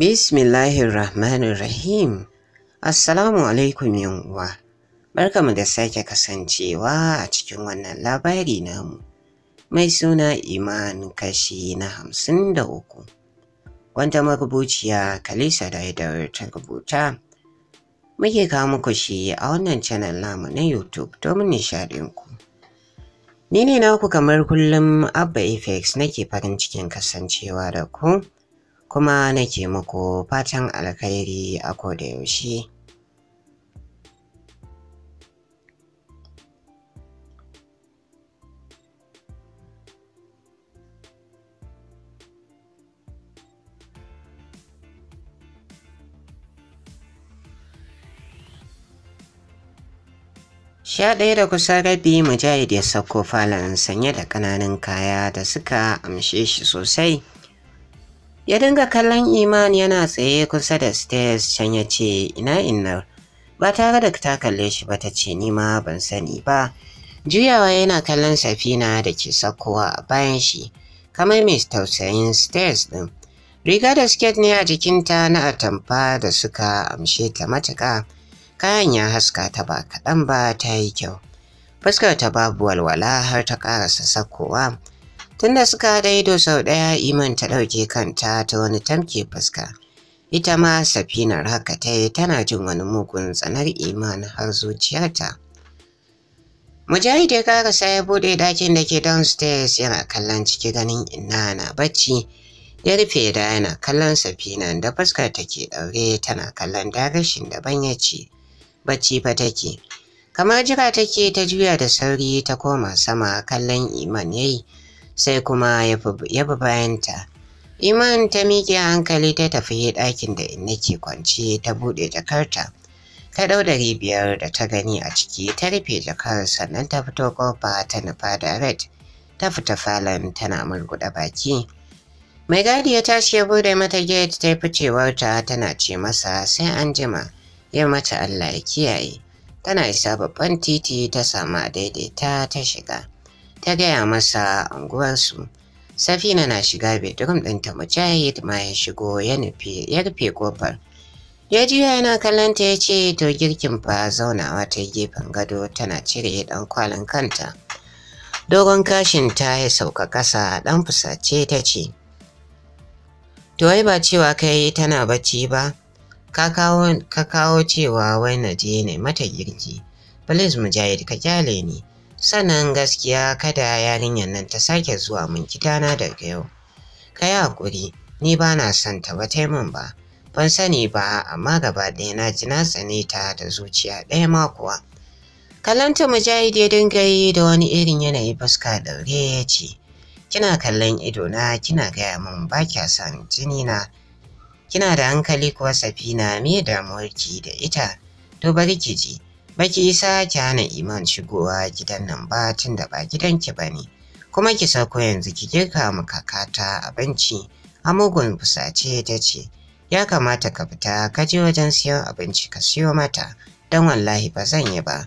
Bismillahirrahmanirrahim. Assalamu alaikum uwa. Barkamu da sake kasancewa a cikin wannan labari namu. Mai suna Iman kashi na hamsin da uku. Wanda marubuciya Kalisa da Daidar ta rubuta. Muke kawo muku shi a wannan channel namu na YouTube domin nishaɗinku. Ni ne naku kamar kullum Abba na nake farin cikin kasancewa da ku. kuma nake muku fatan alkhairi a koda yaushe. Sha ɗaya da kusa rabi Mujahid ya sauko falon sanye da ƙananan kaya da suka amshe shi sosai. Ya dinga kallon Iman yana tsaye kusa da stairs can ya ce ina innar. Ba tare da ta kalle shi ba ta ce ni ma ban sani ba. Juyawa yana kallon safina da ke sakkowa a bayan shi kamar mai tausayin stairs ɗin. Riga da siket ne a jikinta na atamfa da suka amshe ta matuka. Kayan ya haska ta ba kaɗan ba ta yi kyau. Fuskar ta babu walwala har ta ƙarasa sakkowa. Tunda suka haɗa ido sau ɗaya Iman ta ɗauke kanta ta wani tamke fuska. Ita ma safinar haka ta yi tana jin wani mugun tsanar Iman har zuciyarta. Mujahid ya karasa ya buɗe ɗakin da ke downstairs yana kallon ciki ganin ina na bacci. Ya rufe da yana kallon safinan da fuskar take ɗaure tana kallon darashin daban ya ce, Bacci fa take. Kamar jira take ta juya da sauri ta koma sama kallon Iman yayi. sai kuma ya bi bayanta. Iman ta miƙe hankali ta tafi ɗakin da in nake kwance ta buɗe jakarta. Ta ɗau ɗari biyar da ta gani a ciki ta rufe jakar sannan ta fito ƙofa ta nufa da red. Ta fita falon tana murguɗa baki. Mai gadi ya tashi ya buɗe mata gate ta fi ficewarta tana ce masa sai an jima. Ya mata Allah ya kiyaye. Tana isa babban titi ta samu a daidaita ta shiga. ta gaya masa unguwarsu. Safina na shiga bedroom ɗinta Mujahid ma ya shigo ya nufi ya rufe kofar. Ya juya yana kallon ta ya ce to girkin fa zaunawa ta gefen gado tana cire ɗan kwalin kanta. Dogon kashin ta ya sauka ƙasa ɗan fusace ta ce. To ai ba cewa kai tana bacci ba, ka kawo cewa wai na je ne mata girki. Please Mujahid ka kyale ni. sannan gaskiya kada yarinyar nan ta sake zuwa min gidana daga yau ka yi haƙuri ni ba na son ta ba ba ban sani ba amma gaba ɗaya na ji na tsane ta da zuciya ɗaya ma kuwa kallanta mujahid ya dinga yi da wani irin yanayi fuska ɗaure ya ce kina kallon ido na, kina gaya min ba kya san jini na kina da hankali kuwa safina me damuwarki da ita to bari ki ji baki isa ki hana iman shigowa gidan nan ba tun da ba gidanki ba ne kuma ki sako yanzu ki girka mu kakata abinci a mugun fusace ta ce ya kamata ka fita ka je wajen siyan abinci ka siyo mata don wallahi ba zan yi ba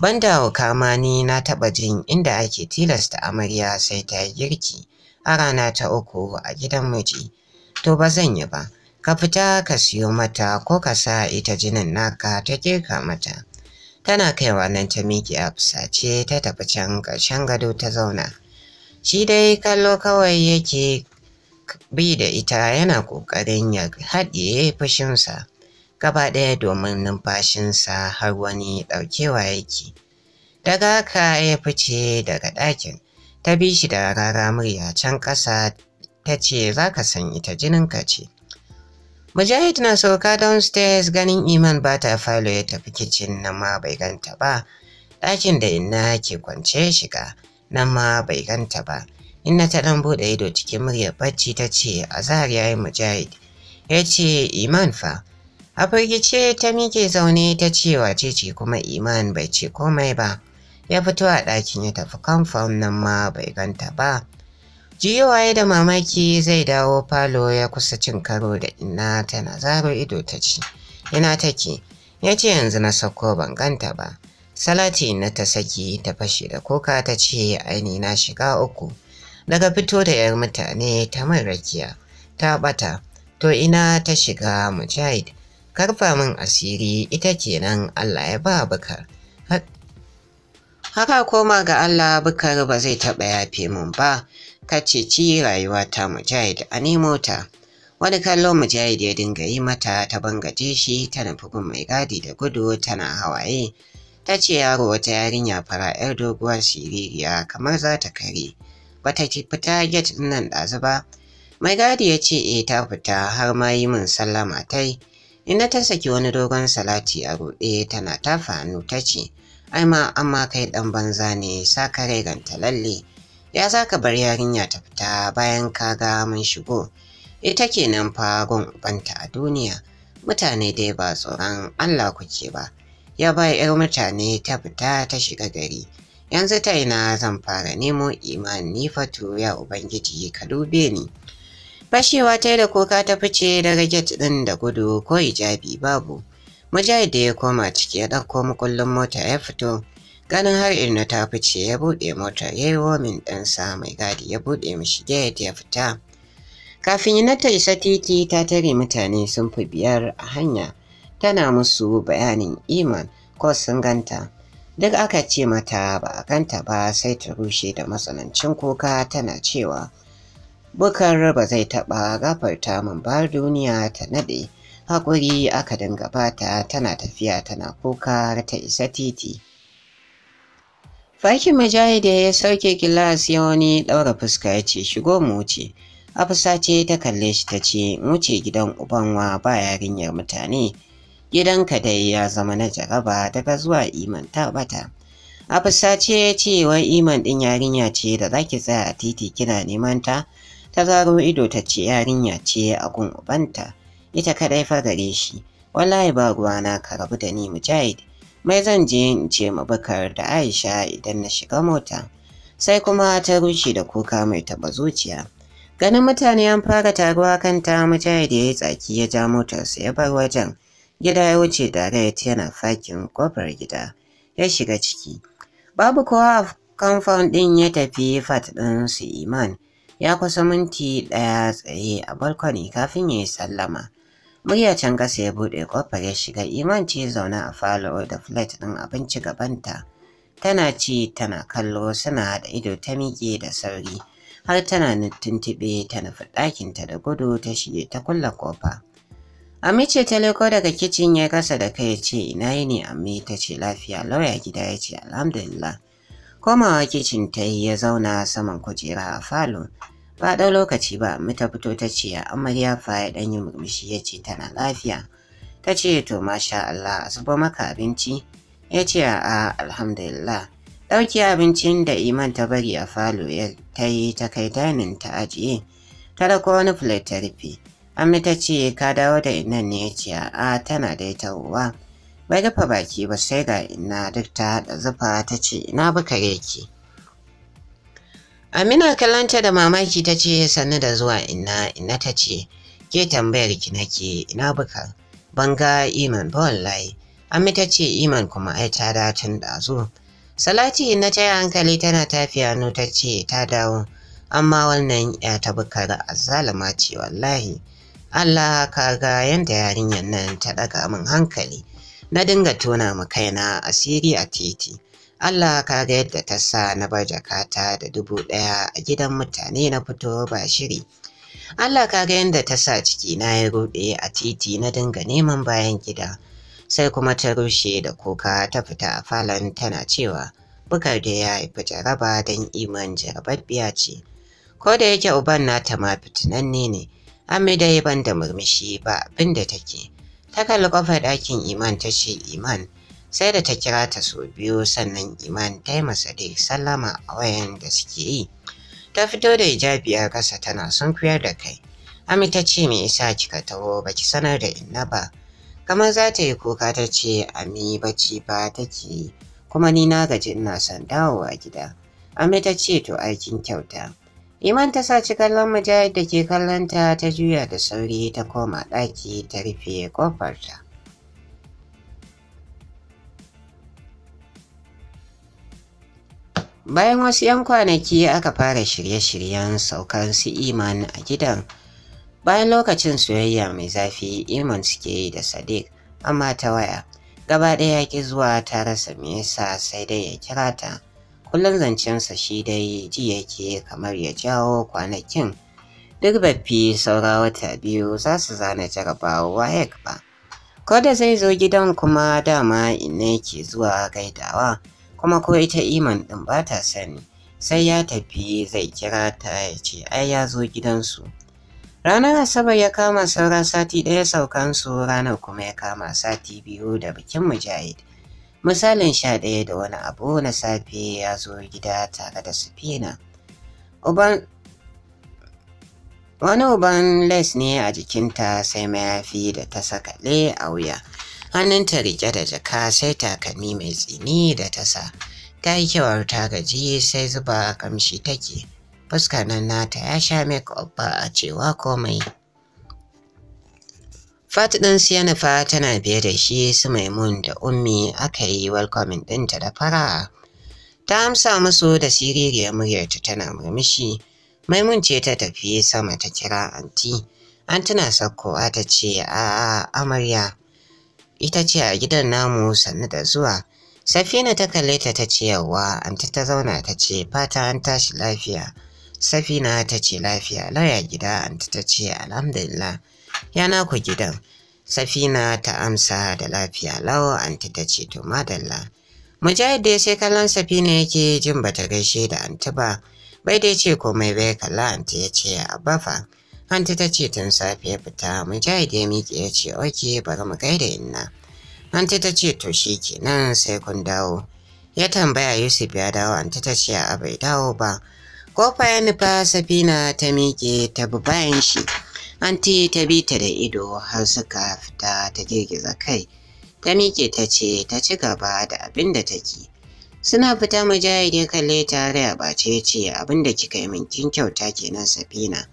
banda ma ni na taɓa jin inda ake tilasta amarya sai ta yi girki a rana ta uku a gidan miji to ba zan yi ba ka fita ka siyo mata ko ka sa ita jinin naka ta girka mata tana kaiwa nan ta miƙe a fusace ta tafi can ƙarshen gado ta zauna shi dai kallo kawai yake bi da ita yana ƙoƙarin ya haɗiye fushinsa gaba ɗaya domin numfashinsa har wani ɗaukewa yake daga haka ya fice daga ɗakin ta bi shi da rara murya can ƙasa ta ce za ka san ita jininka ce Mujahid na sauka downstairs ganin Iman ba ta falo ya tafi kicin nan ma bai ganta ba. Ɗakin da inna ke kwance shiga nan ma bai ganta ba. Inna ta ɗan buɗe ido cikin murya, bacci ta ce Azhar ya yi Mujahid. Ya ce Iman fa. A firgice ta miƙe zaune ta ce wace ce kuma Iman bai ce komai ba. Ya fito a ɗakin ya tafi kamfan nan ma bai ganta ba. Jiwaye da mamaki zai dawo falo ya kusa cin karo da ina tana zaro ido ta ce, Ina take, ya ce yanzu na sako ban ganta ba. Salati na ta saki ta fashe da koka ta ce aini na shiga uku. Daga fito da ‘yar mutane ta man rakiya, ta ɓata, to ina ta shiga mujahid. Karfa min asiri ita kenan Allah ya ba bukar. Haka koma ga Allah bukar ba zai taɓa yafe min ba. ka ceci ta mujahid a nemo wani kallo mujahid ya dinga yi mata ta bangaje shi ta nufi gun mai gadi da gudu tana hawaye ta ce yaro wata yarinya fara yar doguwar siririya kamar za ta kare bata ki fita get nan ɗazu ba mai gadi ya ce e ta fita har ma yi min sallama tai Ina ta saki wani dogon salati a ruɗe tana ta hannu ta ce ai ma amma kai ɗan banza ne sa kare ganta lalle ya za ka bar yarinya ta fita bayan ka ga mun shigo ita kenan fa gun ubanta a duniya mutane dai ba tsoron Allah kuke ba ya ba yar mutane ta fita ta shiga gari yanzu ta ina zan fara nemo imani fatu ya ubangiji ka dube ni fashewa ta da koka ta fice daga get ɗin da gudu ko hijabi babu mujahid da ya koma ciki ya ɗauko makullin mota ya fito Ganin har Irna ta fice ya buɗe mota ya yi womin ɗansa mai gadi ya buɗe mishi gate ya fita. Kafin ina ta isa titi ta tare mutane sun fi biyar a hanya tana musu bayanin iman ko sun ganta. Duk aka ce mata ba a ganta ba sai ta rushe da matsanancin kuka tana cewa bukar ba zai taɓa gafarta min ba duniya ta naɗe. Hakuri aka dinga bata tana tafiya tana kuka ta isa titi. Fakin Mujahid ya sauke gilas ya wani ɗaura fuska ya ce shigo mu wuce. Afisa ce ta kalle shi ta ce wuce gidan ubanwa ba yarinyar mutane. Gidanka dai ya zama na jaraba daga zuwa iman ta bata. Afisa ce ya ce wai iman ɗin yarinya ce da zaki tsaya a titi kina neman ta. Ta zaro ido ta ce yarinya ce a gun ubanta. Ita kadai fa gare shi. Wallahi ba na ka rabu da ni Mujahid. mai zan je in ce ma bakar da Aisha idan na shiga mota. Sai kuma ta rushe da kuka mai taba zuciya. Ganin mutane an fara taruwa kan ta mutane da ya yi tsaki ya ja motarsa ya bar wajen. Gida ya wuce direct yana fakin kofar gida. Ya shiga ciki. Babu kowa a kamfan ɗin ya tafi fat ɗin su iman. Ya kusa minti ɗaya tsaye a balkoni kafin ya yi sallama. Murya can gasa ya buɗe ƙofar ya shiga Iman ce zaune a falo da flat ɗin abinci gabanta. Tana ci tana kallo suna haɗa ido ta miƙe da sauri har tana tuntuɓe ta nufi ɗakinta da gudu ta shige ta kulle ƙofa. Ami ta leko daga kicin ya kasa da kai ce ina yi ne Ami ta ce lafiya lauya gida ya ce alhamdulillah. Komawa kicin ta yi ya zauna saman kujera a falo Ba ɗau lokaci ba, mita fito ta ce amarya fa ya ɗan yi murmushi ya ce tana lafiya. Ta ce to masha Allah a zuba maka abinci. Ya ce a alhamdulillah. Ɗauki abincin da Iman ta bari a falo ya ta yi ta kai dainin ta ajiye. Ta da wani plate ta rufe. Amma ta ce ka dawo da inan ne ya ce a tana da ita uwa. Bai rufe baki ba sai ga ina duk ta haɗa zufa ta ce ina baka yake. Amina kallonta da mamaki ta ce sannu da zuwa ina ina ta ce ke tambayar ki nake ina buka ban ga iman ba wallahi amma ta ce iman kuma ai ta da tun da zo salati na ta hankali tana tafiya no ta ce ta dawo amma wannan ya ta buka da azzalama ce wallahi Allah ka ga yanda yarinyar nan ta daga min hankali na dinga tona mu kaina asiri a titi Allah ka ga yadda ta sa na bar jakata da dubu ɗaya a gidan mutane na fito ba shiri. Allah ka ga yadda ta sa ciki na ya ruɗe a titi na dinga neman bayan gida. Sai kuma ta rushe da kuka ta fita a falon tana cewa bukar da ya haifi jaraba don iman jarababbiya ce. Ko da yake uban nata ma fitinanne ne, Ami dai ban da murmushi ba abin da take. Ta kalli kofar ɗakin iman ta ce iman. sai da ta kira ta sau biyu sannan iman ta yi masa dai sallama a wayan da suke yi ta fito da hijabi a ƙasa tana kuyar da kai ami ta ce me isa kika taho baki sanar da inna ba kamar za ta yi kuka ta ce ami bacci ba take yi kuma ni na gaji ina son dawowa gida ami ta ce to aikin kyauta iman ta saci kallon mujahid da ke kallon ta ta juya da sauri ta koma ɗaki ta rufe ƙofarta Bayan wasu 'yan kwanaki aka fara shirye-shiryen saukan su Iman a gidan. Bayan lokacin soyayya mai zafi Iman suke yi da Sadiq amma ta waya. Gaba ɗaya ki zuwa ta rasa me yasa sai dai ya kira ta. Kullum zancensa shi dai ji yake kamar ya jawo kwanakin. Duk baffi saura wata biyu za su zana jarabawa wayek ba. Ko da zai zo gidan kuma dama ina ke zuwa gaidawa. kuma ko ita iman ɗin ba ta sani sai ya tafi zai kira ta ya ce ai ya zo gidansu ranar asabar ya kama saura sati ɗaya saukansu ranar kuma ya kama sati biyu da bikin mujahid misalin sha ɗaya da wani abu na safe ya zo gida tare da sufina wani uban les ne a jikinta sai mayafi da ta sakale a wuya hannunta riƙe da jaka sai takalmi mai tsini da tasa ta yi kyawar ta gaji sai zuba kamshi take fuska nan nata ya sha make up ba a cewa komai Fatidin fa tana biye da shi su Maimun da Ummi aka yi welcoming ɗinta da fara'a. Ta amsa musu da siririyar muryarta tana murmushi. Maimun ce ta tafi sama ta kira anti. An tana sakkowa ta ce a amarya ita ce a gidan namu sannu da zuwa safina ta kalle ta ta ce yawa anta ta zauna ta ce fata an tashi lafiya safina ta ce lafiya laya gida anta ta ce alhamdulillah ya naku gidan safina ta amsa da lafiya lawa anta ta ce to madalla mujahid da sai kallon safina yake jin bata gaishe da anta ba bai dai ce komai bai kalla anta ya ce abba fa Hanti ta ce tun safe ya fita, Mujahid ya miƙe ya ce, "Oke, bari mu gaida inna." Hanti ta ce, "To shi ke nan sai kun dawo." Ya tambaya Yusuf ya dawo, Hanti ta ce, "A bai dawo ba." Kofa ya nufa Safina ta miƙe ta bi bayan shi. Hanti ta bi ta da ido har suka fita ta girgiza kai. Ta miƙe ta ce ta ci gaba da abin da take. Suna fita mujahid ya kalle tare a ɓace ya ce abin da kika yi min kin kyauta kenan Safina.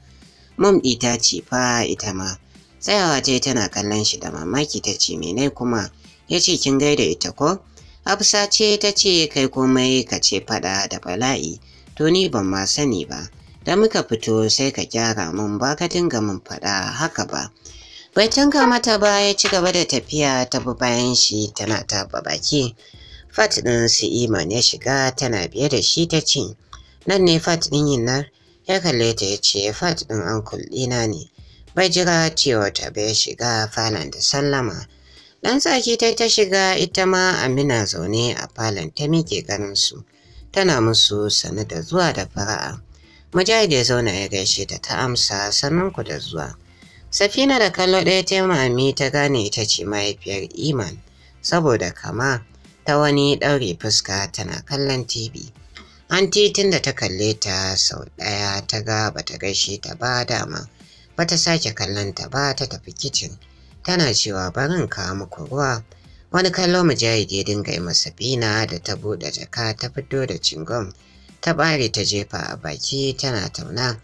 Mom ɗi ta ce fa ita ma. Tsayawa ta tana kallon shi da mamaki ta ce menai kuma ya ce kin gaida ita ko? Hafsa ce ta ce kai komai ka ce fada da bala'i to ni ban ma sani ba. Da muka fito sai ka gyara mun ba ka dinga mun fada haka ba. Bai tanka mata ba ya ci gaba da tafiya ta bi bayan shi tana taɓa baki. Fat din su Iman ya shiga tana biye da shi ta ce, Nan ne Fat ɗin yin nan, ya kalle ta ya ce fat ɗin ankul ɗina ne bai jira cewa ta bai shiga falon da sallama ɗan Saki ta ta shiga ita ma amina zaune a falon ta miƙe ganinsu tana musu sanu da zuwa da fara'a mujahid ya zauna ya gaishe ta ta amsa sannan ku da zuwa safina da kallo ɗaya ta mami ta gane ta ce mahaifiyar iman saboda kama ta wani ɗaure fuska tana kallon tv An titin da ta kalle ta sau ɗaya ta ga bata gaishe ta ba dama. Bata sake kallon ta ba ta tafi kicin. Tana cewa barin kawo muku ruwa. Wani kallo mujahid ya dinga yi masa da ta buɗe jaka ta fito da cingom. Ta ɓare ta jefa a baki tana tauna.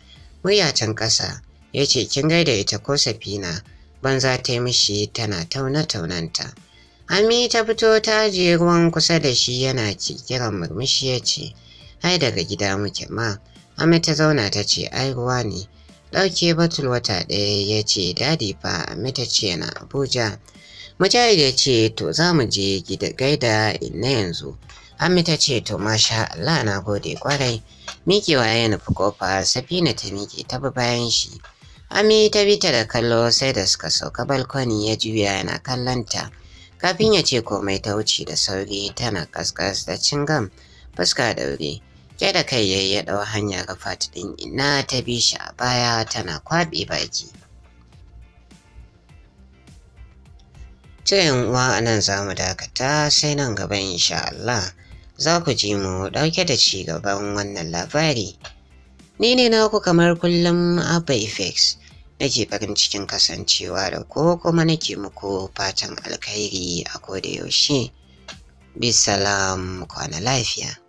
Murya can ƙasa yace ce kin gaida ita ko safina banza ta yi mishi tana tauna taunanta. Ami ta fito ta ajiye ruwan kusa da shi yana kikiran murmushi ya ce. ai daga gida muke ma. Ami ta zauna ta ce ai ruwa ne. Ɗauke batul wata ɗaya ya ce dadi fa amma ta ce na Abuja. Mujahid ya ce to za mu je gida gaida inna yanzu. Ami ta ce to masha Allah na gode kwarai. miƙewa ya nufi kofa Safina ta miƙe ta bi bayan shi. Ami ta bi ta da kallo sai da suka sauka balkoni ya juya yana kallonta. Kafin ya ce komai ta wuce da sauri tana kaskas da cingam fuska da wuri. Ke da kai yayi ya ɗau ga Rafat ɗin ina ta bi shi a baya tana kwaɓe baki. Cirin uwa anan nan za mu dakata sai nan gaba insha Allah za ku ji mu ɗauke da ci gaban wannan labari. Ni ne naku kamar kullum Abba Effects. nake farin cikin kasancewa da ko kuma nake muku fatan alkhairi a koda yaushe. Bisalam kwana lafiya.